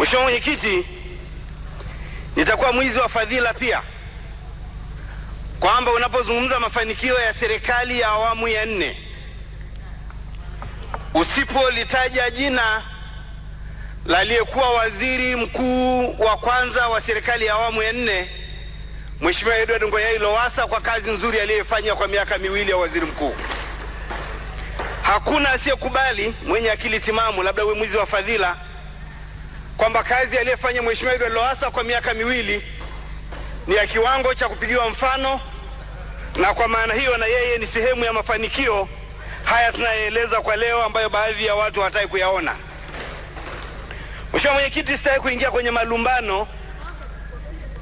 Mheshimiwa Mwenyekiti, nitakuwa mwizi wa fadhila pia kwamba unapozungumza mafanikio ya serikali ya awamu ya nne usipolitaja jina la aliyekuwa waziri mkuu wa kwanza wa serikali ya awamu ya nne Mheshimiwa Edward Ngoyai Lowassa kwa kazi nzuri aliyefanya kwa miaka miwili ya waziri mkuu. Hakuna asiyekubali mwenye akili timamu, labda we mwizi wa fadhila kwamba kazi aliyefanya Mheshimiwa Edward Lowassa kwa miaka miwili ni ya kiwango cha kupigiwa mfano, na kwa maana hiyo na yeye ni sehemu ya mafanikio haya tunayoeleza kwa leo, ambayo baadhi ya watu hawataki kuyaona. Mheshimiwa Mwenyekiti, sitaki kuingia kwenye malumbano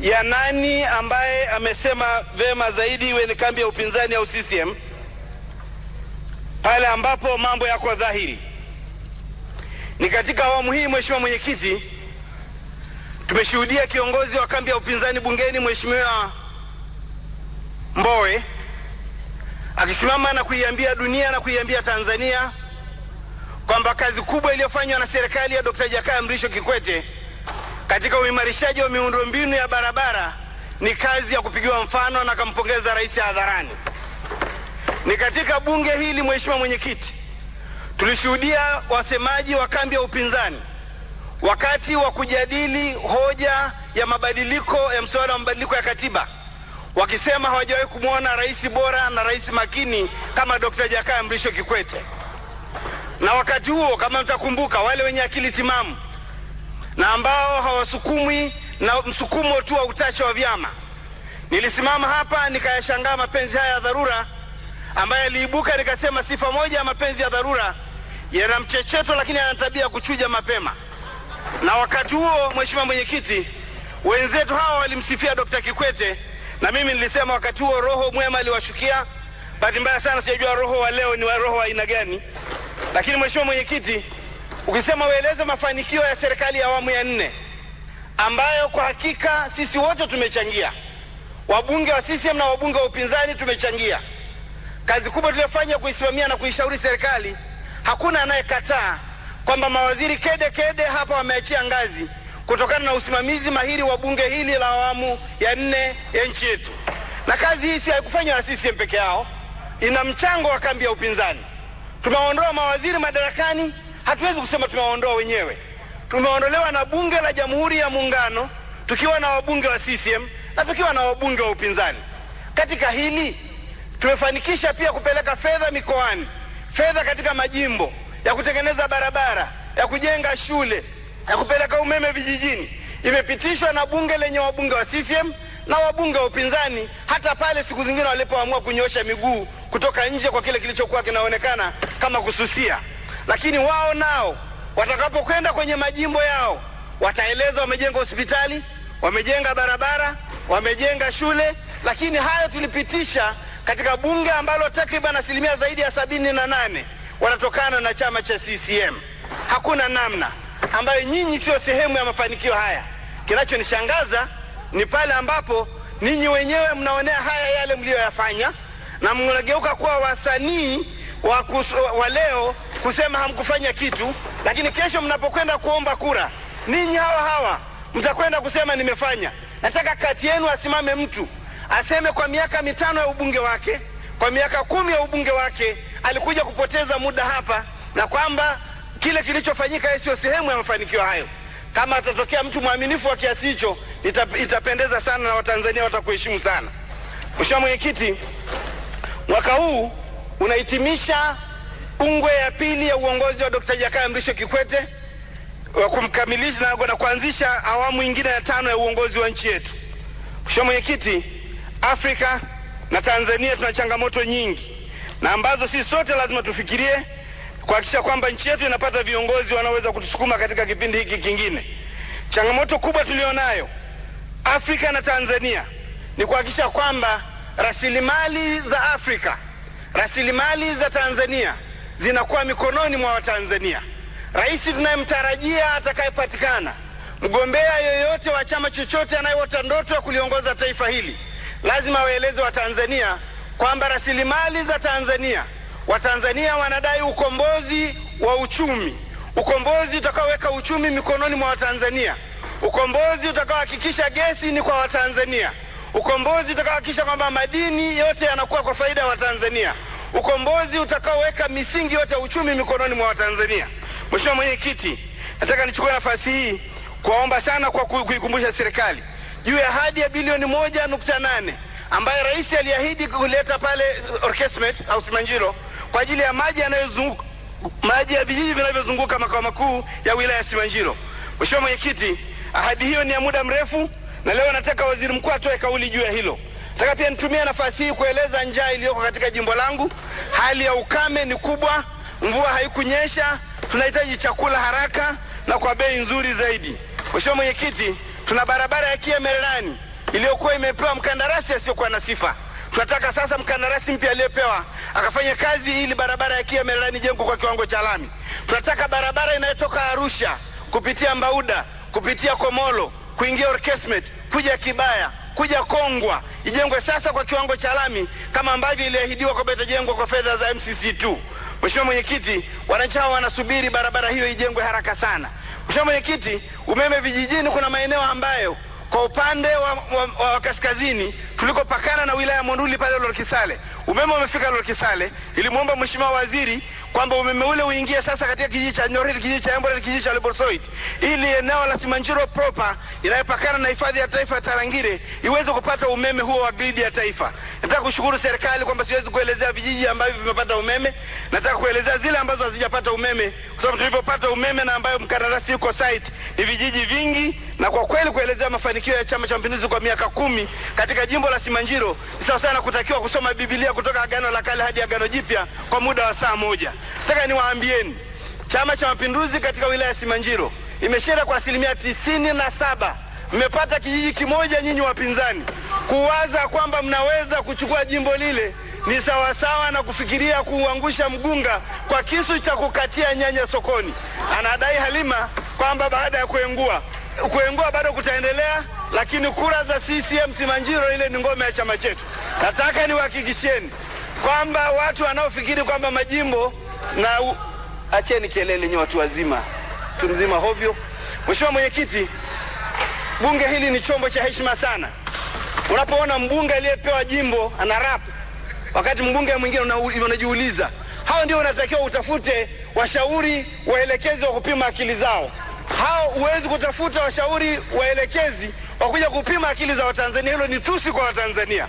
ya nani ambaye amesema vema zaidi, iwe ni kambi ya upinzani au CCM, pale ambapo mambo yako dhahiri ni katika awamu hii, Mheshimiwa Mwenyekiti, tumeshuhudia kiongozi wa kambi ya upinzani bungeni Mheshimiwa Mbowe akisimama na kuiambia dunia na kuiambia Tanzania kwamba kazi kubwa iliyofanywa na serikali ya Dkt. Jakaya Mrisho Kikwete katika uimarishaji wa miundombinu ya barabara ni kazi ya kupigiwa mfano na akampongeza rais hadharani. Ni katika bunge hili Mheshimiwa Mwenyekiti Tulishuhudia wasemaji wa kambi ya upinzani wakati wa kujadili hoja ya mabadiliko ya mswada wa mabadiliko ya katiba wakisema hawajawahi kumwona rais bora na rais makini kama Dr. Jakaya Mrisho Kikwete. Na wakati huo, kama mtakumbuka, wale wenye akili timamu na ambao hawasukumwi na msukumo tu wa utashi wa vyama, nilisimama hapa nikayashangaa mapenzi haya ya dharura ambayo yaliibuka, nikasema sifa moja ya mapenzi ya dharura yana mchecheto, lakini ana tabia kuchuja mapema. Na wakati huo, mheshimiwa mwenyekiti, wenzetu hawa walimsifia Dkt. Kikwete na mimi nilisema wakati huo roho mwema aliwashukia. Bahati mbaya sana sijajua roho wa leo ni wa roho wa aina gani, lakini mheshimiwa mwenyekiti, ukisema ueleze mafanikio ya serikali ya awamu ya nne ambayo kwa hakika sisi wote tumechangia, wabunge wa CCM na wabunge wa upinzani tumechangia. Kazi kubwa tuliyofanya kuisimamia na kuishauri serikali Hakuna anayekataa kwamba mawaziri kede kede hapa wameachia ngazi kutokana na usimamizi mahiri wa bunge hili la awamu ya nne ya nchi yetu. Na kazi hii si haikufanywa na CCM peke yao, ina mchango wa kambi ya upinzani. Tumewaondoa mawaziri madarakani, hatuwezi kusema tumewaondoa wenyewe. Tumeondolewa na bunge la Jamhuri ya Muungano tukiwa na wabunge wa CCM na tukiwa na wabunge wa upinzani. Katika hili tumefanikisha pia kupeleka fedha mikoani fedha katika majimbo ya kutengeneza barabara, ya kujenga shule, ya kupeleka umeme vijijini imepitishwa na bunge lenye wabunge wa CCM na wabunge wa upinzani, hata pale siku zingine walipoamua kunyosha miguu kutoka nje kwa kile kilichokuwa kinaonekana kama kususia. Lakini wao nao watakapokwenda kwenye majimbo yao wataeleza wamejenga hospitali, wamejenga barabara, wamejenga shule, lakini hayo tulipitisha katika bunge ambalo takriban asilimia zaidi ya sabini na nane wanatokana na chama cha CCM. Hakuna namna ambayo nyinyi siyo sehemu ya mafanikio haya. Kinachonishangaza ni pale ambapo ninyi wenyewe mnaonea haya yale mliyoyafanya na mnageuka kuwa wasanii wa, wa leo kusema hamkufanya kitu, lakini kesho mnapokwenda kuomba kura ninyi hawa hawa mtakwenda kusema nimefanya. Nataka kati yenu asimame mtu aseme kwa miaka mitano ya ubunge wake, kwa miaka kumi ya ubunge wake alikuja kupoteza muda hapa, na kwamba kile kilichofanyika siyo sehemu ya mafanikio hayo. Kama atatokea mtu mwaminifu wa kiasi hicho, itapendeza sana na Watanzania watakuheshimu sana. Mheshimiwa Mwenyekiti, mwaka huu unahitimisha ungwe ya pili ya uongozi wa Dkt. Jakaya Mrisho Kikwete wa kumkamilisha na kuanzisha awamu ingine ya tano ya uongozi wa nchi yetu. Mheshimiwa Mwenyekiti, Afrika na Tanzania tuna changamoto nyingi na ambazo sisi sote lazima tufikirie kuhakikisha kwamba nchi yetu inapata viongozi wanaoweza kutusukuma katika kipindi hiki kingine. Changamoto kubwa tulionayo Afrika na Tanzania ni kuhakikisha kwamba rasilimali za Afrika, rasilimali za Tanzania zinakuwa mikononi mwa Watanzania. Rais tunayemtarajia atakayepatikana, mgombea yoyote wa chama chochote anayeota ndoto ya kuliongoza taifa hili lazima waeleze Watanzania kwamba rasilimali za Tanzania, Watanzania wanadai ukombozi wa uchumi, ukombozi utakaoweka uchumi mikononi mwa Watanzania, ukombozi utakaohakikisha gesi ni kwa Watanzania, ukombozi utakaohakikisha kwamba madini yote yanakuwa kwa faida ya Watanzania, ukombozi utakaoweka misingi yote ya uchumi mikononi mwa Watanzania. Mheshimiwa Mwenyekiti, nataka nichukue nafasi hii kuwaomba sana kwa kuikumbusha serikali juu ya hadi ya bilioni moja nukta nane ambayo rais aliahidi kuleta pale Orkesmet au Simanjiro kwa ajili ya maji yanayozunguka maji ya vijiji vinavyozunguka makao makuu ya wilaya ya Simanjiro. Mheshimiwa Mwenyekiti, ahadi hiyo ni ya muda mrefu na leo nataka waziri mkuu atoe kauli juu ya hilo. Nataka pia nitumie nafasi hii kueleza njaa iliyoko katika jimbo langu. Hali ya ukame ni kubwa, mvua haikunyesha, tunahitaji chakula haraka na kwa bei nzuri zaidi. Mheshimiwa Mwenyekiti, Tuna barabara ya Kiemerani iliyokuwa imepewa mkandarasi asiyokuwa na sifa. Tunataka sasa mkandarasi mpya aliyepewa akafanya kazi ili barabara ya Kiemerani jengo kwa kiwango cha lami. Tunataka barabara inayotoka Arusha kupitia Mbauda kupitia Komolo kuingia Orkesmet kuja Kibaya kuja Kongwa ijengwe sasa kwa kiwango cha lami kama ambavyo iliahidiwa kwamba itajengwa kwa fedha za MCC2. Mheshimiwa Mwenyekiti, wananchi hao wanasubiri barabara hiyo ijengwe haraka sana. Mheshimiwa Mwenyekiti, umeme vijijini, kuna maeneo ambayo kwa upande wa, wa, wa kaskazini tulikopakana na wilaya ya Monduli pale Lorkisale, umeme umefika Lorkisale. Ilimwomba Mheshimiwa Waziri kwamba umeme ule uingie sasa katika kijiji cha Nyorili, kijiji cha Emborel, kijiji cha Leborsoit, ili eneo la Simanjiro proper inayopakana na hifadhi ya taifa ya Tarangire iweze kupata umeme huo wa gridi ya taifa. Nataka kushukuru serikali kwamba siwezi kuelezea vijiji ambavyo vimepata umeme, nataka kuelezea zile ambazo hazijapata umeme, kwa sababu tulivyopata umeme na ambayo mkandarasi yuko site ni vijiji vingi, na kwa kweli kuelezea mafanikio ya Chama cha Mapinduzi kwa miaka kumi katika jimbo la Simanjiro sawa sana kutakiwa kusoma Biblia kutoka Agano la Kale hadi Agano Jipya kwa muda wa saa moja. Nataka niwaambieni Chama cha Mapinduzi katika wilaya ya Simanjiro imeshinda kwa asilimia tisini na saba. Mmepata kijiji kimoja nyinyi wapinzani. Kuwaza kwamba mnaweza kuchukua jimbo lile ni sawasawa na kufikiria kuangusha mgunga kwa kisu cha kukatia nyanya sokoni. Anadai Halima kwamba baada ya kuengua kuengua bado kutaendelea, lakini kura za CCM Simanjiro ile ni ngome ya chama chetu. Nataka niwahakikishieni kwamba watu wanaofikiri kwamba majimbo na u... acheni kelele nye watu wazima, tumzima hovyo. Mheshimiwa Mwenyekiti, bunge hili ni chombo cha heshima sana. Unapoona mbunge aliyepewa jimbo ana rap wakati mbunge mwingine unajiuliza, hao ndio unatakiwa utafute washauri waelekezi wa kupima akili zao. Hao huwezi kutafuta washauri waelekezi wa kuja kupima akili za Watanzania. Hilo ni tusi kwa Watanzania.